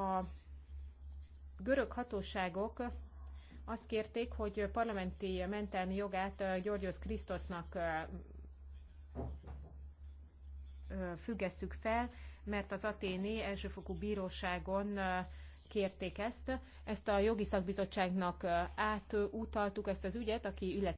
A görög hatóságok azt kérték, hogy parlamenti mentelmi jogát Györgyos Krisztosnak függesszük fel, mert az aténi elsőfokú bíróságon kérték ezt. Ezt a jogi szakbizottságnak átutaltuk, ezt az ügyet, aki illet